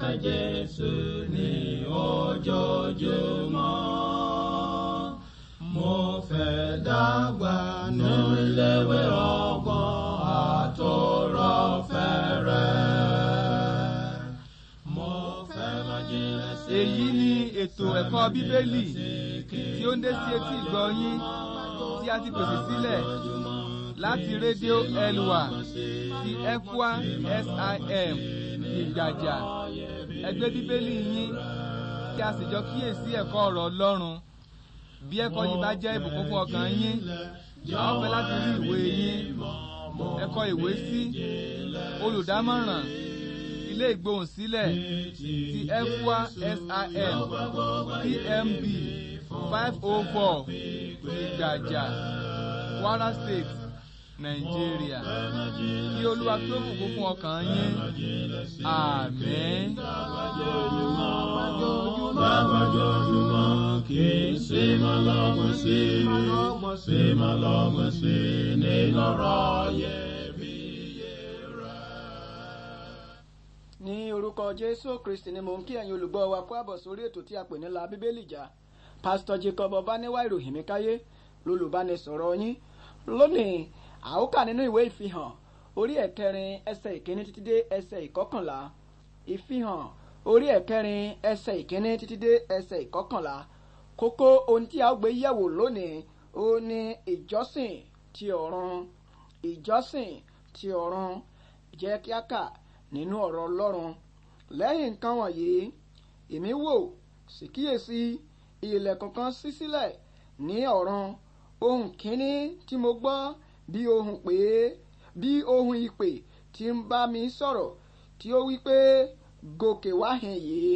ta Jésù ní ojoojúmọ́. Mo fẹ́ dàgbà níléwé ọgbọ́n àtọ̀rọ̀ fẹ́rẹ̀. Mo fẹ́ máa jìnlẹ̀ sí i. Èyí ni ètò ó ń dé sí etí ìgbọ́ yín tí a ti pèsè sílẹ̀ láti rédíò elwa ti ECWA SIM ìgbàjà ẹ gbé bíbélì yín kí a sì jọ kíyèsí ẹ̀kọ́ ọ̀rọ̀ ọlọ́run bí ẹ̀kọ́ yìí bá jẹ́ ìbùkún fún ọkàn yín a fẹ́ láti rí ìwé yín ẹ ìwé sí olùdámọ̀ràn ilé ìgbohùnsílẹ̀ ti efua sim pmb five oh four ìgbàjà kwara state nàìjíríà kí olúwa kí ó bùkún fún ọkàn yín àmín. lágbàjọjúmọ́ lágbàjọjúmọ́ kí ṣe má lọ́gbọ̀n sí ṣe má lọ́gbọ̀n sí nínú ọ̀rọ̀ iyebíye rẹ̀. ní orúkọ jésù kristi ni mò ń kí ẹ̀yin olùgbọ́ wa kó àbọ̀ sórí ètò tí a pè ní la bíbélì jà pásítọ̀ jacob ọbaníwá ìròyìn mi káyé lólùbánisọ̀rọ̀ yín lónìí a ó kà nínú ìwé ìfihàn orí ẹ̀kẹrin ẹsẹ̀ ìkíní títí dé ẹsẹ̀ ìkọkànlá ìfihàn orí ẹ̀kẹrin ẹsẹ̀ ìkíní títí dé ẹsẹ̀ ìkọkànlá kókó ohun tí a ó gbé yẹ̀wò lónìí ó ní ìjọsìn ti ọ̀run ìjọsìn ti ọ̀run jẹ́ kí a kà nínú ọ̀rọ̀ ọlọ́run lẹ́yìn nǹkan wọ̀nyí èmi wò sì kíyèsí ilẹ̀kùn kan ṣí sílẹ̀ ní ọ̀run ohun kínní tí mo gbọ́ bí ohùn pé bí ohùn ìpè tí ń bá mi sọ̀rọ̀ tí ó wí pé gòkè wá hẹ̀n yìí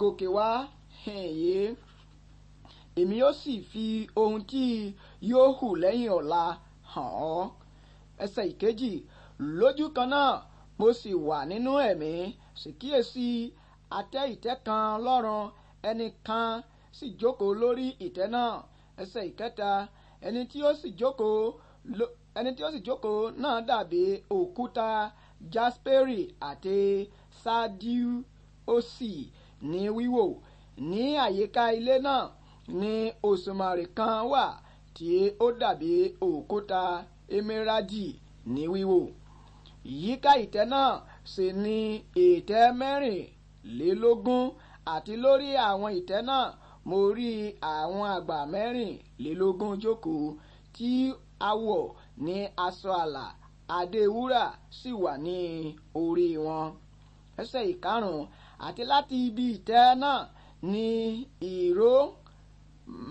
gòkè wá hẹ̀n yìí èmi yóò sì fi ohun tí yóò hù lẹ́yìn ọ̀la hàn ọ́ ẹsẹ̀ ìkejì lójú kan náà mo sì wà nínú ẹ̀mí sì kíyèsí atẹ́ ìtẹ́ kan lọ́rùn ẹnìkan sì jókòó lórí ìtẹ́ náà ẹsẹ̀ ìkẹta ẹni tí ó sì jókòó ẹni tí ó sì jókòó náà dàbí òkúta jasperi àti Sadiu, Osi ní wíwò ní àyíká ilé náà ní òṣùmàrè kan wà tí ó dàbí òkúta emeradi ní wíwò yíká ìtẹ́ náà sì ní ìtẹ́ mẹ́rìnlélógún àti lórí àwọn ìtẹ́ náà mo rí àwọn àgbà mẹ́rìnlélógún jókòó tí a wọ̀ ní aṣọ àlà adé wúrà sì wà ní orí wọn. ẹsẹ̀ ìkarùn-ún àti láti ibi ìtẹ́ náà ni ìró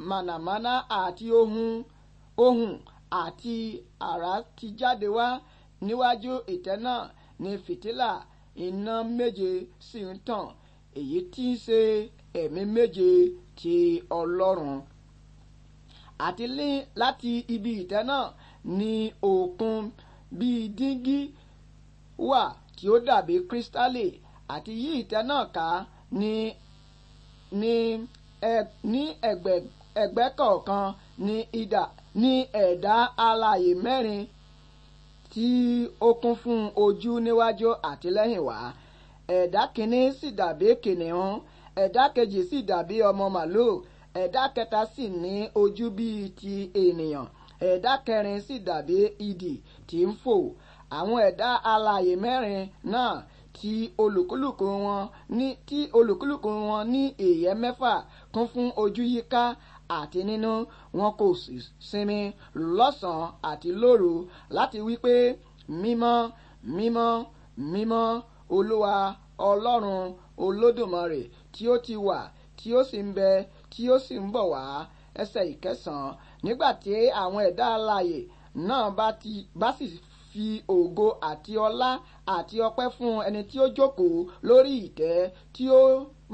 mànàmáná àti ohun ohun àti àrá ti jáde wá níwájú ìtẹ́ náà ni fìtílà iná méje sì ń tàn èyí tí ń ṣe ẹ̀mí méje ti Ọlọ́run àti láti ibi ìtẹ́ náà ní òkun bíi dígí wà tí ó dàbí kírísítálì àti yí ìtẹ́ náà ká ní ní ní ẹ̀gbẹ́ ẹ̀gbẹ́ kọ̀ọ̀kan ní idà ní ẹ̀dá alààyè mẹ́rin tí ó kún fún ojú níwájú àti lẹ́yìn wá ẹ̀dá kìíní sì dàbí kìnìún ẹ̀dá kejì sì dàbí ọmọ màlúù ẹ̀dá kẹta sì ní ojú bíi ti ènìyàn. E ẹ̀dá kẹrin sì dàbí idì tí ń fò àwọn ẹ̀dá alààyè mẹ́rin náà tí olùkúlùkù wọn ní tí olùkúlùkù wọn ní èèyàn mẹ́fà kún fún ojú yíká àti nínú wọn kò sì sinmi lọ́sàn-án àti lóru láti wí pé mímọ́ mímọ́ mímọ́ olúwa ọlọ́run olódùmarè tí ó ti wà tí ó sì ń bẹ tí ó sì ń bọ̀ wá ẹsẹ̀ ìkẹsàn-án nígbà tí àwọn ẹ̀dá alààyè náà bá sì fi ògo àti ọlá àti ọpẹ́ fún ẹni tí ó jókòó lórí ìtẹ́ tí ó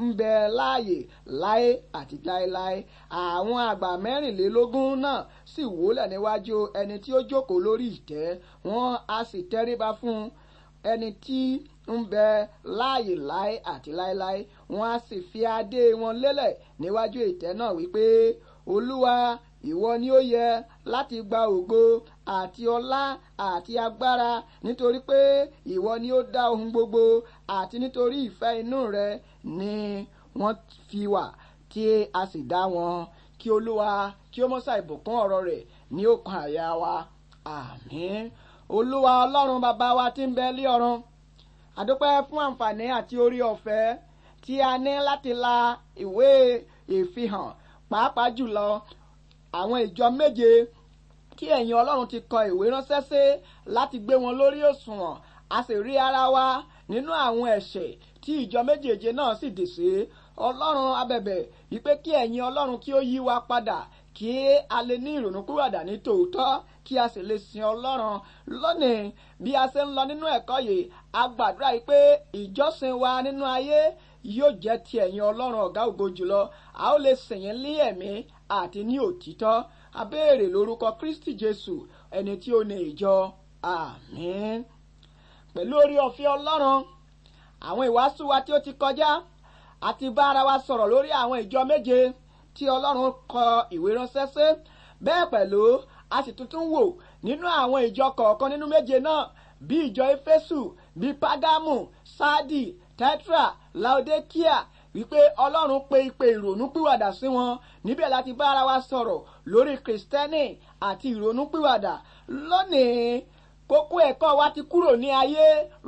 ń bẹ láàyè láé àti láéláé àwọn àgbà mẹ́rìnlélógún náà sì wólẹ̀ níwájú ẹni tí ó jókòó lórí ìtẹ́ wọn a sì tẹríba fún ẹni tí ń bẹ láàyè láé àti láéláé wọn a sì fi adé wọn lélẹ̀ níwájú ìtẹ́ náà wípé olúwa ìwọ ni ó yẹ láti gba ògo àti ọlá àti agbára nítorí pé ìwọ ni ó dá ohun gbogbo àti nítorí ìfẹ́ inú rẹ ni wọ́n fi wà tí a sì dá wọn kí olúwa kí ó mọ́sà ìbùkún ọ̀rọ̀ rẹ̀ ní òkan àyà wa àmín olúwa ọlọ́run bàbá wa tí ń bẹ lé ọ̀run àdúpẹ́ fún àǹfààní àti orí ọ̀fẹ́ tí a ní láti la ìwé ìfihàn pàápàá jùlọ àwọn ìjọ méje tí ẹ̀yin ọlọ́run ti kọ ìwé ránṣẹ́ sí láti gbé wọn lórí òṣùwọ̀n a sì rí ara wa nínú àwọn ẹ̀ṣẹ̀ tí ìjọ méjèèje náà sì dì sí ọlọ́run abẹ̀bẹ̀ wípé kí ẹ̀yin ọlọ́run kí ó yí wa padà kí a lè ní ìrònúkúwàdà ní tòótọ́ kí a sì lè sin ọlọ́run lónìí bí a ṣe ń lọ nínú ẹ̀kọ́ yìí a gbàdúrà yìí pé ìjọsìn wa nínú ayé yóò jẹ́ ti ẹ̀yin ọlọ́run ọ̀gá ògo jùlọ a ó lè sìn yín ní ẹ̀mí àti ní òtítọ́ a béèrè lórúkọ Kristi Jésù ẹni tí ó ní ìjọ àmín pẹ̀lú orí ọ̀fẹ́ Ọlọ́run àwọn ìwàásù wa tí ó ti kọjá àti bá ara wa sọ̀rọ̀ lórí àwọn ìjọ méje tí Ọlọ́run kọ ìwé ránṣẹ́ sí bẹ́ẹ̀ pẹ̀lú a sì tuntun wò nínú àwọn ìjọ kọ̀ọ̀kan nínú méje náà bí ìjọ Éfésù bí Págámù Sádì Tẹ́trà Laodikia wípé ọlọ́run pe ìpè ìrònúpìwàdà sí wọn níbẹ̀ láti bá ara wa sọ̀rọ̀ lórí kristẹni àti ìrònúpìwàdà lónìí kókó ẹ̀kọ́ wa ti kúrò ní ayé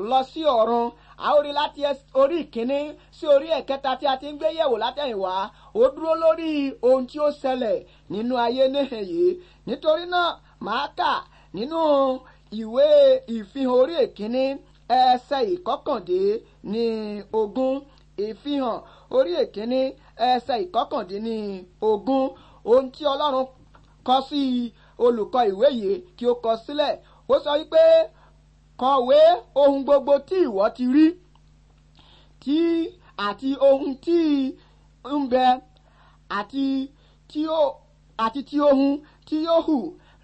lọ sí ọ̀run a ó rí láti orí ìkíní sí orí ẹ̀kẹta tí a ti ń gbé yẹ̀wò látẹ̀yìnwá ó dúró lórí ohun tí ó ṣẹlẹ̀ nínú ayé níhìn yìí nítorí náà màá kà nínú ìwé ìfihàn orí ìkíní ẹsẹ̀ ìkọkàndé ní ogún ìfihàn orí èkíní ẹsẹ̀ ìkọkàndínní ogún ohun tí ọlọ́run kọ sí olùkọ́ ìwé yìí kí ó kọ sílẹ̀ ó sọ wípé kọ̀wé ohun gbogbo tí ìwọ ti rí tí àti ohun tí ń bẹ àti tí ó àti tí ohun tí yóò hù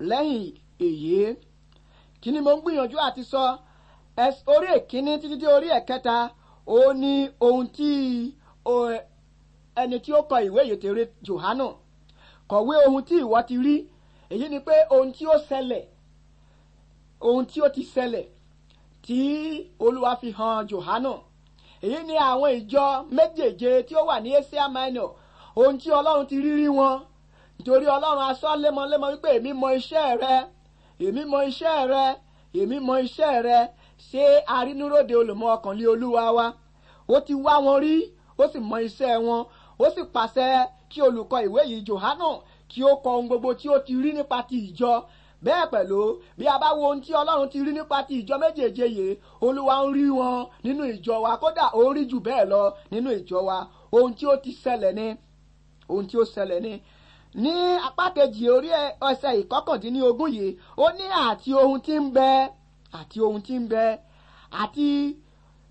lẹ́yìn èyí kí ni mo ń gbìyànjú àti sọ orí èkíní títí dé orí ẹ̀kẹta ó ní ohun tí ẹni tí ó kọ ìwé ìyètèrè Jòhánà kọ̀wé ohun tí ìwọ ti rí èyí ni pé ohun tí ó ṣẹlẹ̀ ohun tí ó ti ṣẹlẹ̀ tí Olúwa fi hàn Jòhánà èyí ni àwọn ìjọ méjèèje tí ó wà ní Asia Minor ohun tí Ọlọ́run ti rí rí wọn nítorí Ọlọ́run asọ́ lémọ́lémọ́ wípé èmi mọ iṣẹ́ rẹ èmi mọ iṣẹ́ rẹ èmi mọ iṣẹ́ rẹ ṣé arínúròde olùmọ̀ ọkàn lé olúwa wa ó ti wá wọn rí ó sì mọ iṣẹ́ wọn ó sì pàṣẹ kí olùkọ́ ìwé yìí Jòhánù kí ó kọ ohun gbogbo tí ó ti rí nípa ti ìjọ bẹ́ẹ̀ pẹ̀lú bí a bá wo ohun tí Ọlọ́run ti rí nípa ti ìjọ méjèèje yìí Olúwa ń rí wọn nínú ìjọ wa kódà ó rí jù bẹ́ẹ̀ lọ nínú ìjọ wa ohun tí ó ti ṣẹlẹ̀ ni ohun tí ó ṣẹlẹ̀ ni ní apá kejì orí ẹsẹ̀ ìkọkàndínlógún yìí ó ní àti ohun tí ń bẹ àti ohun tí ń bẹ àti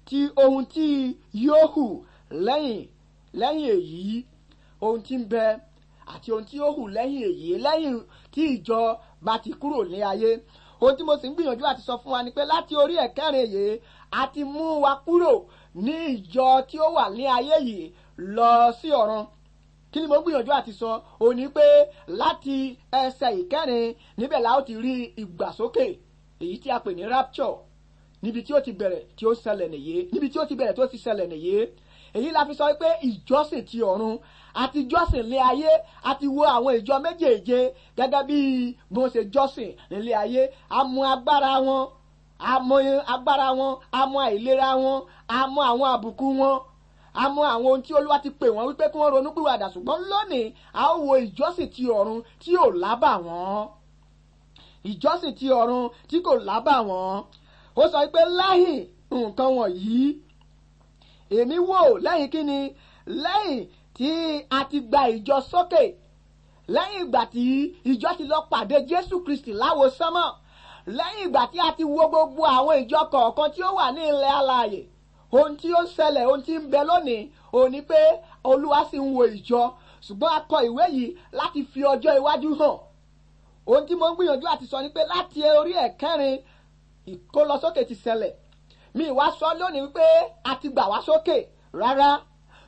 ti ohun tí yóò hù lẹ́yìn lẹ́yìn èyí ohun tí ń bẹ àti ohun tí yóò hù lẹ́yìn èyí lẹ́yìn tí ìjọ bá ti kúrò ní ayé ohun tí mo sì ń gbìyànjú àti sọ fún wa ni pé láti orí ẹ̀kẹ́rin yìí a ti mú wa kúrò ní ìjọ tí ó wà ní ayé yìí lọ sí ọ̀run kí ni mo gbìyànjú àti sọ òní pé láti ẹsẹ̀ ìkẹrin níbẹ̀ la ó ti rí ìgbàsókè. So èyí tí a pè ní rapture níbi tí ó ti bẹ̀rẹ̀ tí ó ṣẹlẹ̀ nìyé níbi tí ó ti bẹ̀rẹ̀ tí ó ti ṣẹlẹ̀ nìyé èyí la fi sọ pé ìjọsìn ti ọ̀run àti jọ́sìn lé ayé àti wo àwọn ìjọ méjèèje gẹ́gẹ́ bí mo ṣe jọ́sìn nílé ayé a mọ agbára wọn a mọ agbára wọn a mọ àìlera wọn a mọ àwọn àbùkù wọn a mọ àwọn ohun tí olúwa ti pè wọ́n wípé kí wọ́n ronú pìwàdà ṣùgbọ́n lónìí a ó wo ìjọsìn ti ọ̀run tí ò lábà wọ́n ìjọsìn ti ọ̀run tí kò lábàwọ́n ó sọ pé lẹ́yìn nǹkan wọ̀nyí èmi wò lẹ́yìn kíni lẹ́yìn tí a ti gba ìjọ sókè lẹ́yìn ìgbà tí ìjọ ti lọ pàdé Jésù Kristi láwo sánmọ̀ lẹ́yìn ìgbà tí a ti wo gbogbo àwọn ìjọ kọ̀ọ̀kan tí ó wà ní ilẹ̀ alààyè ohun tí ó ń ṣẹlẹ̀ ohun tí ń bẹ lónìí òun ni pé Olúwa sì ń wo ìjọ ṣùgbọ́n a kọ ìwé yìí láti fi ọjọ́ iwájú hàn ohun tí mo ń gbìyànjú àti sọ ni pé láti orí ẹ̀ kẹrin ìkólọsókè ti ṣẹlẹ̀ mi ìwá sọ lónìí wípé a ti gbà wá sókè rárá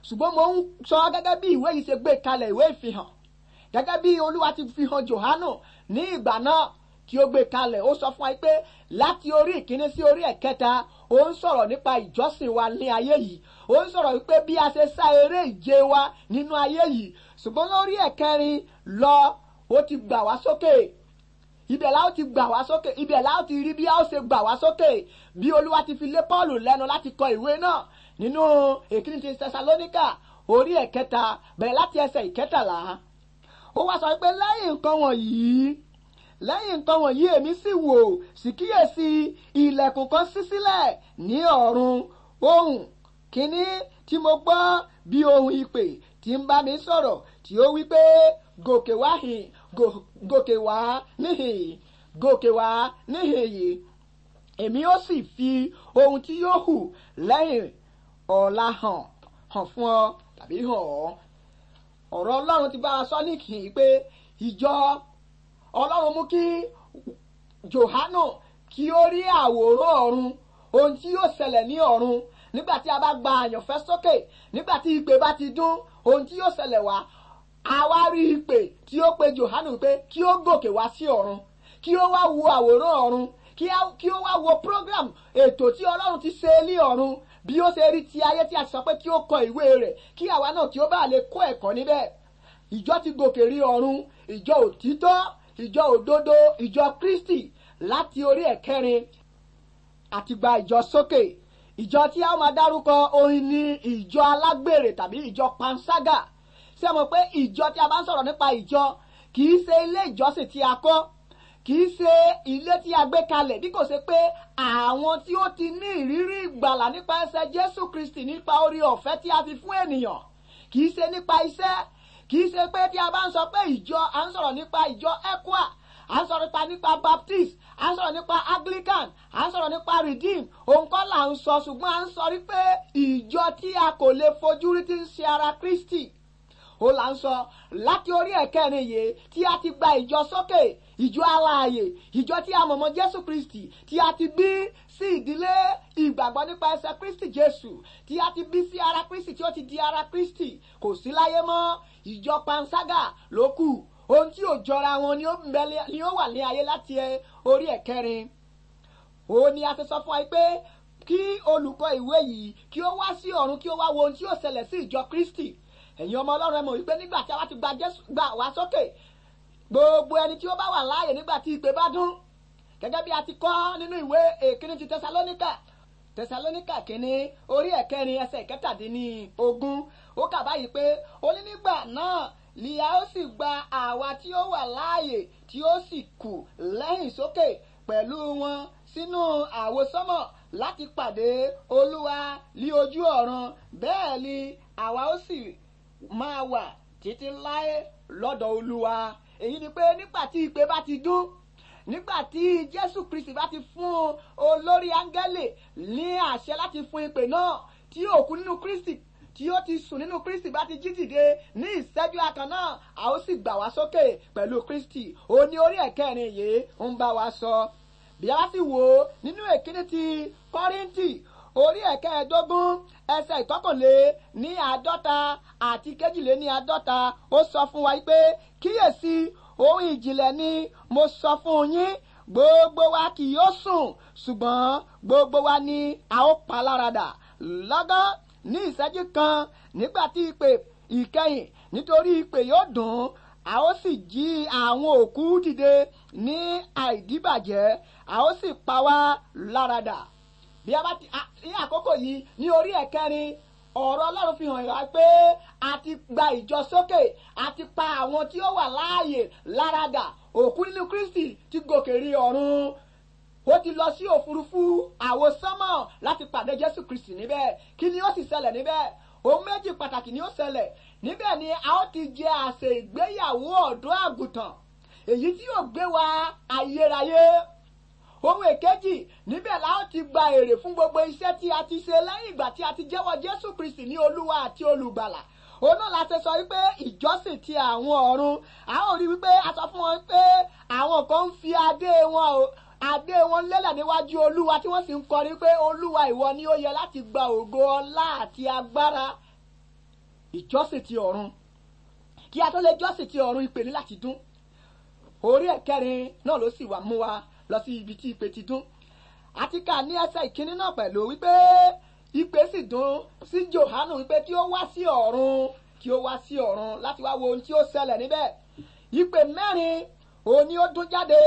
ṣùgbọ́n mo ń sọ gẹ́gẹ́ bí ìwé yìí ṣe gbé kalẹ̀ ìwé ìfihàn gẹ́gẹ́ bí olúwa ti fi hàn Jòhánù ní ìgbà náà tí ó gbé kalẹ̀ ó sọ fún wa pé láti orí ìkíní sí orí ẹ̀kẹta ó ń sọ̀rọ̀ nípa ìjọsìn wa ní ayé yìí ó ń sọ̀rọ̀ wípé bí a ṣe sá eré ìje wa nínú ayé yìí ṣùgbọ́n lórí ẹ̀kẹrin lọ ó ti gbà wá sókè ibẹ̀ la ó ti gbà wá sókè ibẹ̀ la ó ti rí bí a ó ṣe gbà wá sókè bí olúwa ti fi lé Pọ́ọ̀lù lẹ́nu láti kọ ìwé náà nínú èkìní ti Tẹsalóníkà orí ẹ̀kẹta bẹ̀rẹ̀ láti ẹsẹ̀ ìkẹtàlá ó wá sọ pé lẹ́yìn nǹkan wọ̀nyí lẹ́yìn nǹkan wọ̀nyí èmi sì wò sì kíyèsí ilẹ̀kùn kan ṣí sílẹ̀ ní ọ̀run ohùn kínní tí mo gbọ́ bí ohùn ìpè tí ń bá mi sọ̀rọ̀ tí ó wí pé gòkè wáhìn gòkè wá níhìnyí gòkè wá níhìnyí èmi ó sì fi ohun tí yóò hù lẹ́yìn ọ̀la hàn hàn fún ọ tàbí hàn ọ́ ọ̀rọ̀ ọlọ́run ti bá a sọ níkìnyí pé ìjọ ọlọ́run mú kí Jòhánù kí ó rí àwòrán ọ̀run ohun tí yóò ṣẹlẹ̀ ní ọ̀run nígbà tí a bá gba àyànfẹ́ sókè nígbà tí ìpè bá ti dún ohun tí yóò ṣẹlẹ̀ wá àwa rí ìpè tí ó pe Jòhánù pé kí ó gòkè wá sí ọ̀run kí ó wá wo àwòrán ọ̀run kí ó wá wo program ètò tí Ọlọ́run ti ṣe ní ọ̀run bí ó ṣe rí ti ayé tí a sọ pé kí ó kọ ìwé rẹ̀ kí àwa náà kí ó bá lè kọ́ ẹ̀kọ́ níbẹ̀ ìjọ ti gòkè rí ọ̀run ìjọ òtítọ́ ìjọ òdodo ìjọ Kristi láti orí ẹ̀kẹrin àti gba ìjọ sókè ìjọ tí a máa dárúkọ orin ní ìjọ alágbèrè tàbí ìjọ panṣágà ṣé mo pé ìjọ tí a bá ń sọ̀rọ̀ nípa ìjọ kì í ṣe ilé ìjọsìn tí a kọ́ kì í ṣe ilé tí a gbé kalẹ̀ bí kò ṣe pé àwọn tí ó ti ní ìrírí ìgbàlà nípa ẹsẹ̀ Jésù Kristi nípa orí ọ̀fẹ́ tí a fi fún ènìyàn kì í ṣe nípa iṣẹ́ kì í ṣe pé tí a bá ń sọ pé ìjọ à ń sọ̀rọ̀ nípa ìjọ ECWA à ń sọ̀rọ̀ nípa nípa Baptist à ń sọ̀rọ̀ nípa Anglican à ń sọ̀rọ̀ nípa Redeem òun kọ́ là ń sọ ṣùgbọ́n à ń sọ wípé ìjọ tí a kò lè fojú rí ti ń ṣe ara Kristi ó là ń sọ láti orí ẹ̀kẹrin yìí tí a ti gba ìjọ sókè ìjọ alààyè ìjọ tí a mọ̀mọ́ jésù kristi tí a ti bí sí ìdílé ìgbàgbọ́ nípa ẹsẹ̀ kristi jésù tí a ti bí sí ara kristi tí ó ti di ara kristi kò sí láyé mọ́ ìjọ panṣágà ló kù ohun tí ò jọra wọn ni ó wà ní ayé láti orí ẹ̀kẹrin òun ni a ti sọ fún wa pé kí olùkọ́ ìwé yìí kí ó wá sí ọ̀run kí ó wá wo ohun tí ó ṣẹlẹ̀ sí ìjọ kristi ẹ̀yin ọmọ ọlọ́run ẹ mọ̀ wípé nígbà tí a bá ti gba jésù gbà wá sókè gbogbo ẹni tí ó bá wà láàyè nígbà tí ìpè bá dún gẹ́gẹ́ bí a ti kọ́ nínú ìwé èkíní ti tẹsalóníkà tẹsalóníkà kìíní orí ẹ̀kẹrin ẹsẹ̀ ìkẹtàdínní ó kà báyìí pé ó ní nígbà náà ni a ó sì gba àwa tí ó wà láàyè tí ó sì kù lẹ́yìn sókè pẹ̀lú wọn sínú àwosánmọ̀ láti pàdé olúwa ní ojú ọ̀run bẹ́ẹ̀ ni àwa ó sì máa wà títí láé lọ́dọ̀ olúwa èyí ni pé nígbà tí ìpè bá ti dún nígbà tí jésù kristi bá ti fún olórí áńgẹ́lì ní àṣẹ láti fún ìpè náà tí òkú nínú kristi tí ó ti sùn nínú kristi bá ti jí dìde ní ìṣẹ́jú àkàn náà a ó sì gbà wá sókè pẹ̀lú kristi ó ní orí ẹ̀kẹ́rin yìí ń bá wa sọ bí a sì wò nínú èkíní ti kọ́ríńtì orí ẹ̀kẹ́ẹ̀dógún ẹsẹ̀ ìkọkànlé ní àádọ́ta àti kejìlé ní àádọ́ta ó sọ fún wa pé kíyèsí ohun ìjìnlẹ̀ ni mo sọ fún yín gbogbo wa kì yóò sùn ṣùgbọ́n gbogbo wa ni a ó paláradà lọ́gán ní ìṣẹ́jú kan nígbà tí ìpè ìkẹyìn nítorí ìpè yóò dùn a ó sì jí àwọn òkú dìde ní àìdíbàjẹ́ a ó sì pa wá láradà bí a bá ti ní àkókò yìí ní orí ẹ̀kẹrin ọ̀rọ̀ ọlọ́run fi hàn wá pé a ti gba ìjọsókè a ti pa àwọn tí ó wà láàyè láradà òkú nínú Kristi ti gòkè rí ọ̀run ó ti lọ sí òfurufú àwòsánmọ̀ láti pàdé Jésù Kristi níbẹ̀ kí ni ó sì ṣẹlẹ̀ níbẹ̀ ohun méjì pàtàkì ni ó ṣẹlẹ̀ níbẹ̀ ni a ó ti jẹ àsè ìgbéyàwó ọ̀dọ́ àgùntàn èyí tí yóò gbé wa ayérayé ohun èkejì níbẹ̀ la ó ti gba èrè fún gbogbo iṣẹ́ tí a ti ṣe lẹ́yìn ìgbà tí a ti jẹ́wọ́ Jésù Kristi ní Olúwa àti Olùgbàlà òun náà la ṣe sọ wípé ìjọsìn ti àwọn ọ̀run a ó rí wípé a sọ fún wọn pé àwọn kan ń fi adé wọn o adé wọn lélẹ̀ níwájú Olúwa tí wọ́n sì ń kọrin pé Olúwa ìwọ ni ó yẹ láti gba ògo ọlá àti agbára ìjọsìn ti ọ̀run kí a tó lè jọ́sìn ti ọ̀run ìpè ní láti dún orí ẹ̀kẹrin náà ló sì wà mú wa lọ sí ibi tí ìpè ti dún àti kà ní ẹsẹ̀ ìkíní náà pẹ̀lú wípé ìpè sì dún sí Jòhánù wípé kí ó wá sí ọ̀run kí ó wá sí ọ̀run láti wá wo ohun tí ó ṣẹlẹ̀ níbẹ̀ ìpè mẹ́rin òun ni ó dún jáde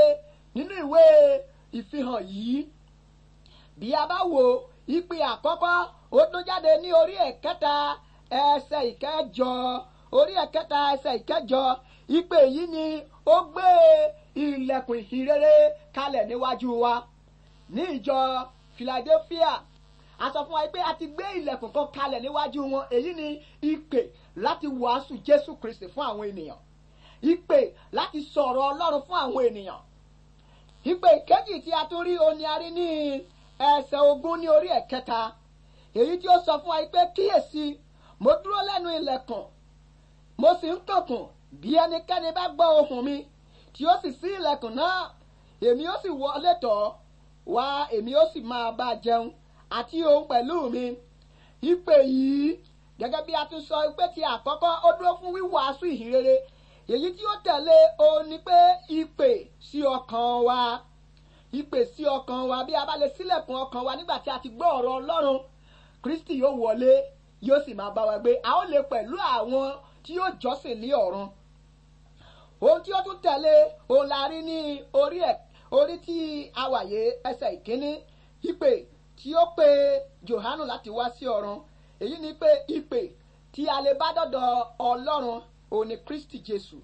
nínú ìwé ìfihàn yìí bí a bá wo ìpè àkọ́kọ́ ó dún jáde ní orí ẹ̀kẹta ẹsẹ̀ ìkẹjọ orí ẹ̀kẹta ẹsẹ̀ ìkẹjọ ìpè yìí ni ó gbé e ilẹ̀kùn ìhìnrere kalẹ̀ níwájú wa ní ìjọ Philadelphia a sọ fún wa pé a ti gbé ilẹ̀kùn kan kalẹ̀ níwájú wọn èyí ni ìpè láti wàásù Jésù Kristi fún àwọn ènìyàn ìpè láti sọ̀rọ̀ Ọlọ́run fún àwọn ènìyàn ìpè kejì tí a tún rí o ni a rí ní ẹsẹ̀ ogún ní orí ẹ̀kẹta èyí tí ó sọ fún wa pé kíyèsí mo dúró lẹ́nu ilẹ̀kùn mo sì ń kànkùn bí ẹnikẹ́ni bá gbọ́ ohùn mi tí ó sì sí ilẹ̀kùn náà èmi ó sì wọlé tọ̀ wá èmi ó sì máa bá a jẹun àti òun pẹ̀lú mi ìpè yìí gẹ́gẹ́ bí a ti sọ pé ti àkọ́kọ́ ó dúró fún wíwàásù ìhìnrere èyí tí ó tẹ̀lé òun ni pé ìpè sí ọkàn wa ìpè sí ọkàn wa bí a bá lè sílẹ̀kùn ọkàn wa nígbà tí a ti gbọ́ ọ̀rọ̀ Ọlọ́run Kristi yóò wọlé yóò sì máa bá wa gbé a ó lè pẹ̀lú àwọn tí yóò jọ́sìn ní ọ̀run ohun tí ó tún tẹ̀lé òun la rí ní orí ẹ̀ orí tí a wàyé ẹsẹ̀ ìkíní ìpè tí ó pe Jòhánù láti wá sí ọ̀run èyí ni pé ìpè tí a lè bá dọ̀dọ̀ Ọlọ́run òun ni Kristi Jésù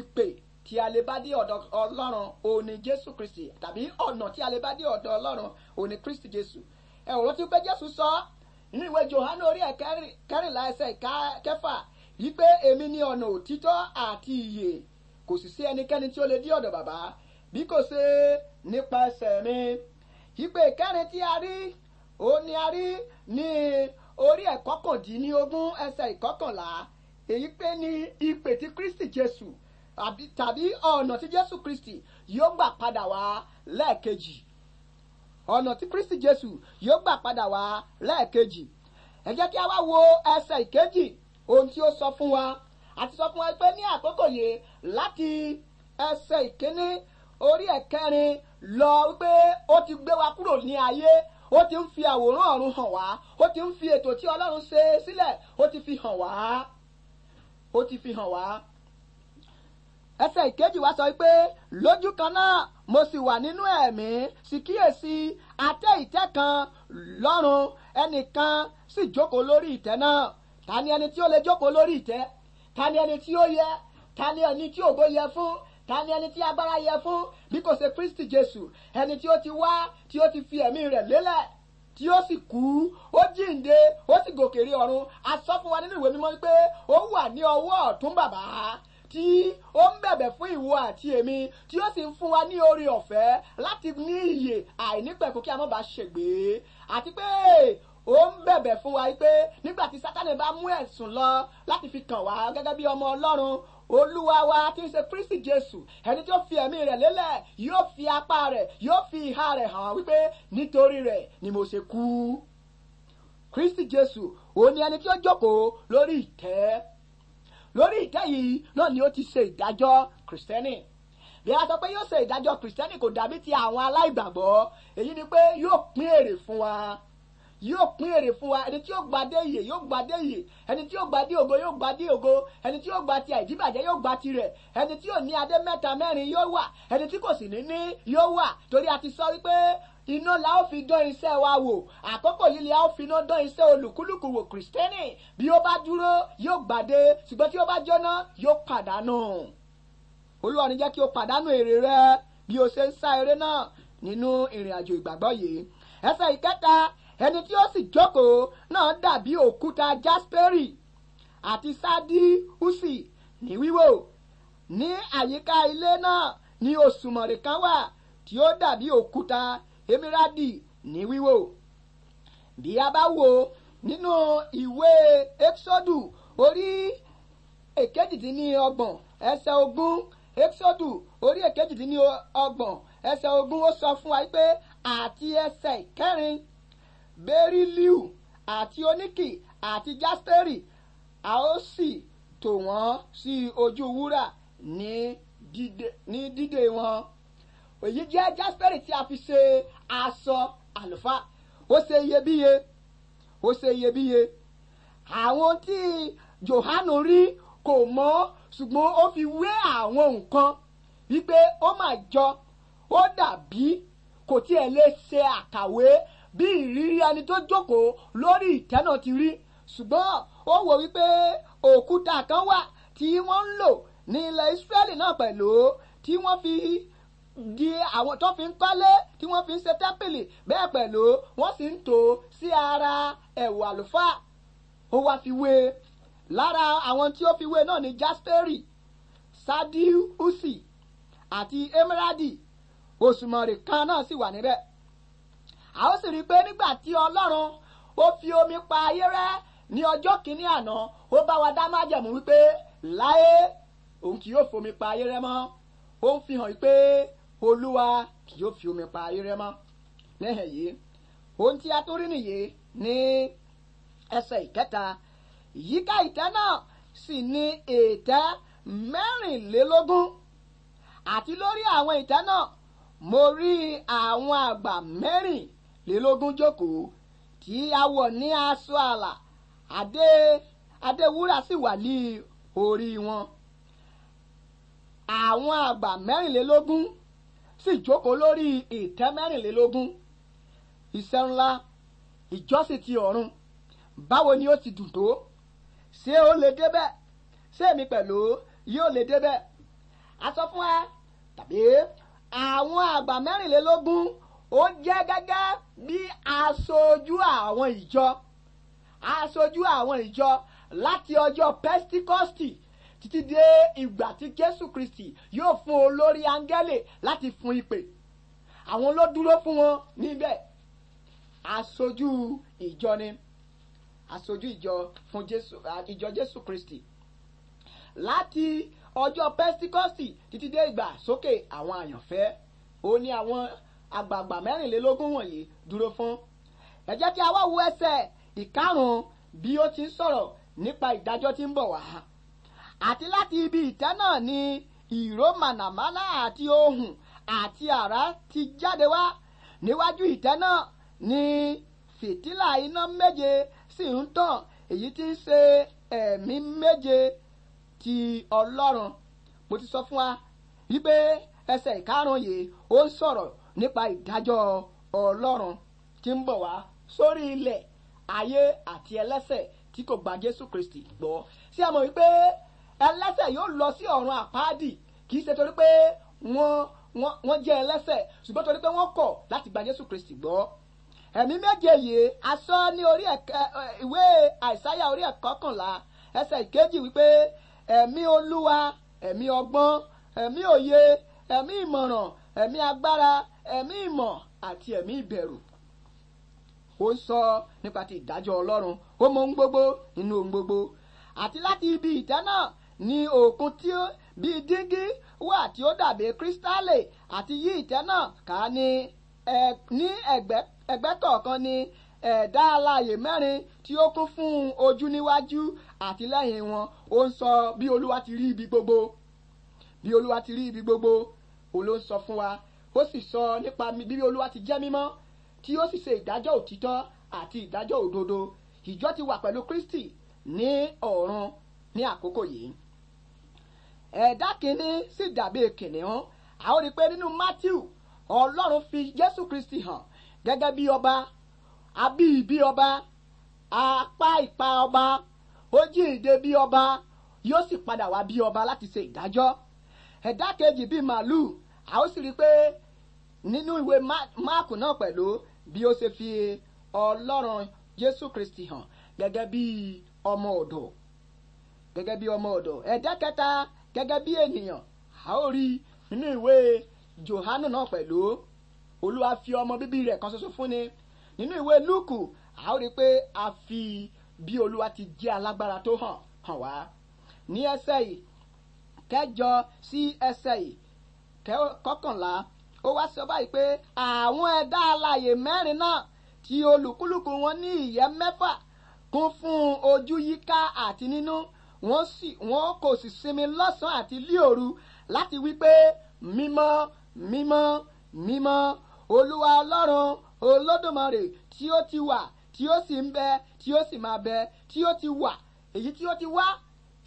ìpè tí a lè bá dé ọ̀dọ̀ Ọlọ́run òun ni Jésù Kristi tàbí ọ̀nà tí a lè bá dé ọ̀dọ̀ Ọlọ́run òun ni Kristi Jésù ẹ ò rántí pé Jésù sọ nínú ìwé Jòhánù orí ẹ̀ kẹrìnlá ẹsẹ̀ kẹfà wípé èmi ni ọ̀nà òtítọ́ àti ìyè kò sì sí ẹnikẹ́ni tí ó lè dí ọ̀dọ̀ bàbá bí kò ṣe nípasẹ̀ mi wípé ìkẹrin tí a rí òun ni a rí ní orí ẹ̀kọ́kàndínlógún ẹsẹ̀ ìkọkànlá èyí pé ní ìpè tí Kristi Jésù tàbí ọ̀nà tí Jésù Kristi yóò gbà padà wá lẹ́ẹ̀kejì ọ̀nà tí Kristi Jésù yóò gbà padà wá lẹ́ẹ̀kejì ẹ jẹ́ kí a wá wo ẹsẹ̀ ìkejì ohun tí ó sọ fún wa àti sọ fún wa pé ní àkókò yìí láti ẹsẹ̀ ìkíní orí ẹ̀kẹrin lọ wípé ó ti gbé wa kúrò ní ayé ó ti ń fi àwòrán ọ̀run hàn wá ó ti ń fi ètò tí ọlọ́run ṣe sílẹ̀ ó ti fi hàn wá ó ti fi hàn wá ẹsẹ̀ ìkejì wa sọ pé lójú kan náà mo sì wà nínú ẹ̀mí sì kíyèsí atẹ́ ìtẹ́ kan lọ́run ẹnìkan sì jókòó lórí ìtẹ́ náà ta ni ẹni tí ó lè jókòó lórí ìtẹ́ ta ni ẹni tí ó yẹ ta ni ẹni tí ògo yẹ fún ta ni ẹni tí agbára yẹ fún bí kò ṣe Kristi Jésù ẹni tí ó ti wá tí ó ti fi ẹ̀mí rẹ̀ lélẹ̀ tí ó sì kú ó jíǹde ó sì gòkè rí ọ̀run a sọ fún wa nínú ìwé mímọ́ pé ó wà ní ọwọ́ ọ̀tún bàbá tí ó ń bẹ̀bẹ̀ fún ìwọ àti èmi tí ó sì ń fún wa ní oore ọ̀fẹ́ láti ní ìyè àìnípẹ̀kún kí a má bàa ṣègbé àti pé ó ń bẹ̀bẹ̀ fún wa pé nígbà tí sátani bá mú ẹ̀sùn lọ láti fi kàn wá gẹ́gẹ́ bí ọmọ ọlọ́run olúwa wa tí ń ṣe kristi jésù ẹni tí ó fi ẹ̀mí rẹ̀ lélẹ̀ yóò fi apá rẹ̀ yóò fi ìhà rẹ̀ hàn wípé nítorí rẹ̀ ni mo ṣe kú. kristi jésù òun ni ẹni tí ó jókòó lórí ìtẹ́ lórí ìtẹ́ yìí náà ni ó ti ṣe ìdájọ́ kristẹni bí a sọ pé yóò ṣe ìdájọ́ kristẹni kò dàbí ti àwọn aláìgbàgbọ́ èyí ni pé yóò pín èrè fún wa yóò pín èrè fún wa ẹni tí yóò gba dé ìyè yóò gba dé ìyè ẹni tí yóò gba dé ògo yóò gba dé ògo ẹni tí yóò gba ti àìdíbàjẹ́ yóò gba tirẹ̀ ẹni tí yóò ní adé mẹ́ta mẹ́rin yóò wà ẹni tí kò sì ní ní yóò wà torí a ti sọ wípé iná la ó fi dán iṣẹ́ wa wò àkókò yìí la ó fi iná dán iṣẹ́ olùkúlùkù wò kìrìsìtẹ́nì bí ó bá dúró yóò gbàdé ṣùgbọ́n tí ó bá jóná yóò pàdánù olúwa jẹ́ kí o pàdánù èrè rẹ bí o ṣe ń sá eré náà nínú ìrìn àjò ìgbàgbọ́ yìí ẹsẹ̀ ìkẹta ẹni tí ó sì jókòó náà dàbí òkúta jasperi àti sadi usi ní wíwò ní àyíká ilé náà ni òṣùmàrè kan wà tí ó dàbí òkúta emiradi ní wíwò bí a bá wò nínú ìwé exodu orí èkejìdínlọ́gbọ̀n ẹsẹ̀ ogún exodu orí èkejìdínlọ́gbọ̀n ẹsẹ̀ ogún ó sọ fún wa pé àti ẹsẹ̀ kẹrin beriliu àti oníkì àti jasperi a ó sì tò wọ́n sí ojú wúrà ní dídè wọn. èyí jẹ́ jasperi tí a fi ṣe aṣọ àlùfáà ó ṣe iyebíye ó ṣe iyebíye àwọn tí Jòhánù rí kò mọ̀ ṣùgbọ́n ó fi wé àwọn nǹkan wípé ó mà jọ ó dàbí kò tiẹ̀ lè ṣe àkàwé bí ìrírí ẹni tó jókòó lórí ìtẹ́ náà ti rí ṣùgbọ́n ó wò wípé òkúta kan wà tí wọ́n ń lò ní ilẹ̀ Ísírẹ́lì náà pẹ̀lú tí wọ́n fi di àwọn tó fi ń kọ́lé tí wọ́n fi ń ṣe tẹ́ḿpìlì bẹ́ẹ̀ pẹ̀lú wọ́n sì ń tò sí ara ẹ̀wù àlùfáà ó wá fi wé e. lára àwọn tí ó fi wé e náà ni jasperi sadiusi àti emeradi òṣùmàrè kan náà sì wà níbẹ̀ a ó sì rí i pé nígbà tí ọlọ́run ó fi omi pa ayé rẹ́ ní ọjọ́ kìíní àná ó bá wa dá májẹ̀mú wípé láé òun kì yóò fomi pa ayé rẹ́ mọ́ ó ń fi hàn wípé olúwa kì yóò fi omi pa ayé rẹ́ mọ́ lẹ́hìn yìí ohun tí a tó rí nìyí ní ẹsẹ̀ ìkẹta yíká ìtẹ́ náà sì ní ìtẹ́ mẹ́rìnlélógún àti lórí àwọn ìtẹ́ náà mo rí àwọn àgbà mẹ́rìn lélógún jókòó tí a wọ̀ ní aṣọ àlà adé adéwúrà sì wà ní orí wọn. àwọn àgbà mẹ́rìnlélógún sì jókòó lórí ìtẹ́ mẹ́rìnlélógún iṣẹ́ ńlá ìjọ́sìn ti ọ̀run báwo ni ó ti dùn tó ṣé ó lè débẹ̀ ṣé èmi pẹ̀lú yóò lè débẹ̀ a sọ fún ẹ tàbí àwọn àgbà mẹ́rìnlélógún ó jẹ́ gẹ́gẹ́ bí aṣojú àwọn ìjọ aṣojú àwọn ìjọ láti ọjọ́ pẹ́stíkọ́stì títí dé ìgbà tí Jésù Kristi yóò fún olórí áńgẹ́lì láti fún ìpè àwọn ló dúró fún wọn níbẹ̀ aṣojú ìjọ ni aṣojú ìjọ fún Jésù ìjọ Jésù Kristi láti ọjọ́ pẹ́stíkọ́stì títí dé ìgbà sókè àwọn àyànfẹ́ ó ní àwọn àgbààgbà mẹ́rìnlélógún wọ̀nyí dúró fún. ẹ jẹ́ kí a wá wo ẹsẹ̀ ìkarùn-ún bí ó ti ń sọ̀rọ̀ nípa ìdájọ́ tí ń bọ̀ wá. àti láti ibi ìtẹ́ náà ni ìró mànàmáná àti ohùn àti àrá ti jáde wá níwájú ìtẹ́ náà ni fìtílà iná méje sì ń tàn èyí tí ń ṣe ẹ̀mí méje ti Ọlọ́run mo ti sọ fún wa wípé ẹsẹ̀ ìkarùn-ún yìí ó ń sọ̀rọ̀ nípa ìdájọ́ ọlọ́run tí ń bọ̀ wá sórí ilẹ̀ ayé àti ẹlẹ́sẹ̀ tí kò gba Jésù Kristi gbọ́ sí àmọ́ wípé ẹlẹ́sẹ̀ yóò lọ sí ọ̀run àpáàdì kì í ṣe torí pé wọ́n wọ́n jẹ́ ẹlẹ́sẹ̀ ṣùgbọ́n torí pé wọ́n kọ̀ láti gba Jésù Kristi gbọ́ ẹ̀mí méje yìí aṣọ ní orí ìwé àìsáyà orí ẹ̀kọ́kànlá ẹsẹ̀ ìkejì wípé ẹ̀mí olúwa ẹ̀mí ọgbọ́n ẹ̀mí òye ẹ̀mí ìmọ̀ràn ẹ̀mí agbára ẹ̀mí ìmọ̀ àti ẹ̀mí ìbẹ̀rù ó ń sọ nípa ti ìdájọ́ ọlọ́run ó mọ ohun gbogbo nínú ohun gbogbo àti láti ibi ìtẹ́ náà ni òkun tí ó bíi díngí wà tí ó dàbí kírísítálì àti yí ìtẹ́ náà ká ní ní ẹgbẹ́tọ̀ọ̀kan ni ẹ̀dá alààyè mẹ́rin tí ó kún fún ojú níwájú àti lẹ́yìn wọn ó ń sọ bí olúwa ti rí ibi gbogbo bí olúwa ti rí ibi gbogbo òun ló ń sọ fún wa ó sì sọ nípa bí olúwa ti jẹ́ mímọ́ tí ó sì ṣe ìdájọ́ òtítọ́ àti ìdájọ́ òdodo ìjọ ti wà pẹ̀lú Kristi ní ọ̀run ní àkókò yìí ẹ̀dá kìíní sì dàbí kìnìún a rí pé nínú Matthew Ọlọ́run fi Jésù Kristi hàn gẹ́gẹ́ bí ọba abí ìbí ọba apá ìpa ọba ó jí ìdè bí ọba yóò sì padà wá bí ọba láti ṣe ìdájọ́ ẹ̀dá kejì bíi màálùú a ó sì rí i pé nínú ìwé máàkù náà pẹ̀lú bí ó ṣe fi ọlọ́run jésù kristi hàn gẹ́gẹ́ bí ọmọ ọ̀dọ̀ gẹ́gẹ́ bí ọmọ ọ̀dọ̀ ẹ̀dá kẹta gẹ́gẹ́ bí ènìyàn a ó rí nínú ìwé johanu náà pẹ̀lú olúwa fi ọmọ bíbí rẹ̀ kan ṣoṣo fúnni nínú ìwé lúùkù a ó rí i pé a fi bí olúwa ti jẹ́ alágbára tó hàn hàn wá ní ẹsẹ̀ yìí kẹjọ sí ẹsẹ̀ yìí kọkànlá ó wá sọ báyìí pé àwọn ẹ̀dá alààyè mẹ́rin náà tí olùkúlùkù wọn ní ìyẹ́ mẹ́fà kún fún ojú yíká àti nínú wọn sì wọn kò sì sinmi lọ́sàn-án àti líòru láti wí pé mímọ́ mímọ́ mímọ́ olúwa ọlọ́run olódùmarè tí ó ti wà tí ó sì ń bẹ tí ó sì máa bẹ tí ó ti wà èyí tí ó ti wá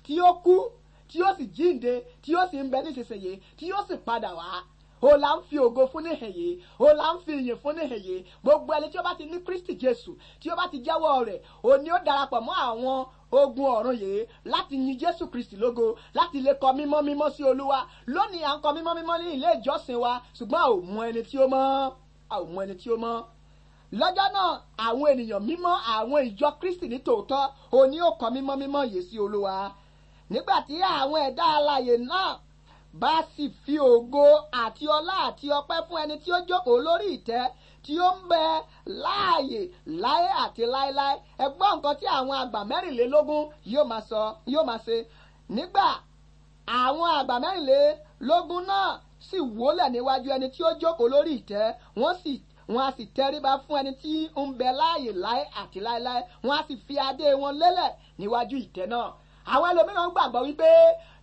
tí ó kú tí yóò sì jíǹde tí yóò sì ń bẹ nísinsìnyí tí yóò sì padà wá o la ń fi ògo fún níhẹ̀yẹ o la ń fi ìyìn fún níhẹ̀yẹ gbogbo ẹni tí ó bá ti ní Kristi Jésù tí ó bá ti jẹ́wọ́ rẹ̀ o ní ó darapọ̀ mọ́ àwọn ogun ọ̀run yìí láti yin jésù kristi lógo láti lè kọ mímọ́ mímọ́ sí olúwa lónìí à ń kọ mímọ́ mímọ́ ní ilé ìjọsìn wa ṣùgbọ́n a ò mọ ẹni tí o mọ́ a ò mọ ẹni tí ó mọ́ lọ́jọ́ náà àwọn ènìyàn mímọ́ àwọn ìjọ kristi ní tòótọ́ òní ó kọ mímọ́ mímọ́ yìí sí olúwa nígbà tí àwọn ẹ̀dá alàyè náà bá sì fi ògo àti ọlá àti ọpẹ́ fún ẹni tí ó jókòó lórí ìtẹ́ tí ó ń bẹ láàyè láé àti láéláé ẹ gbọ́ nǹkan tí àwọn àgbà mẹ́rìnlélógún yóò máa sọ yóò máa ṣe nígbà àwọn àgbà mẹ́rìnlélógún náà sì wólẹ̀ níwájú ẹni tí ó jókòó lórí ìtẹ́ wọ́n sì wọn a sì tẹríba fún ẹni tí ń bẹ láàyè láé àti láéláé wọ́n a sì fi adé wọn lélẹ̀ níwájú ìtẹ́ náà àwọn ẹlòmíràn gbàgbọ́ wípé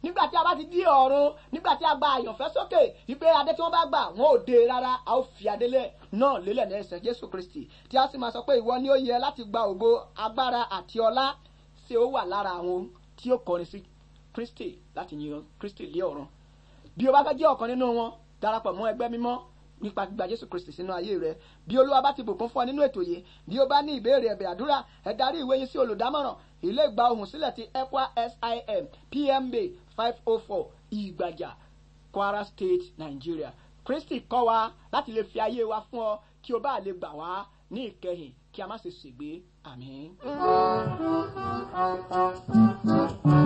nígbà tí a bá ti di ọ̀run nígbà tí a gba àyànfẹ́ sókè wípé adé tí wọ́n bá gbà wọn ò de rárá a ó fi adé lẹ̀ náà lélẹ̀ ní ẹsẹ̀ Jésù Kristi tí a sì máa sọ pé ìwọ ni ó yẹ láti gba ògo agbára àti ọlá ṣé ó wà lára àwọn tí ó kọrin sí Kristi láti yan Kristi lé ọ̀run bí o bá fẹ́ jẹ́ ọ̀kan nínú wọn darapọ̀ mọ́ ẹgbẹ́ mímọ́ nípa gbígba Jésù Kristi sínú ayé rẹ bí Olúwa bá ti bùkún fún ọ nínú ètò yìí bí o bá ní ìbéèrè ẹ̀bẹ̀ àdúrà ẹ darí ìwé yín sí olùdámọ̀ràn ilé ìgba ohùn sílẹ̀ ti ECWA SIM PMB five oh four Ìgbàjà Kwara State Nigeria Kristi kọ́ wa láti lè fi ayé wa fún ọ kí o bá lè gbà wá ní ìkẹyìn kí a má ṣe ṣègbé àmín.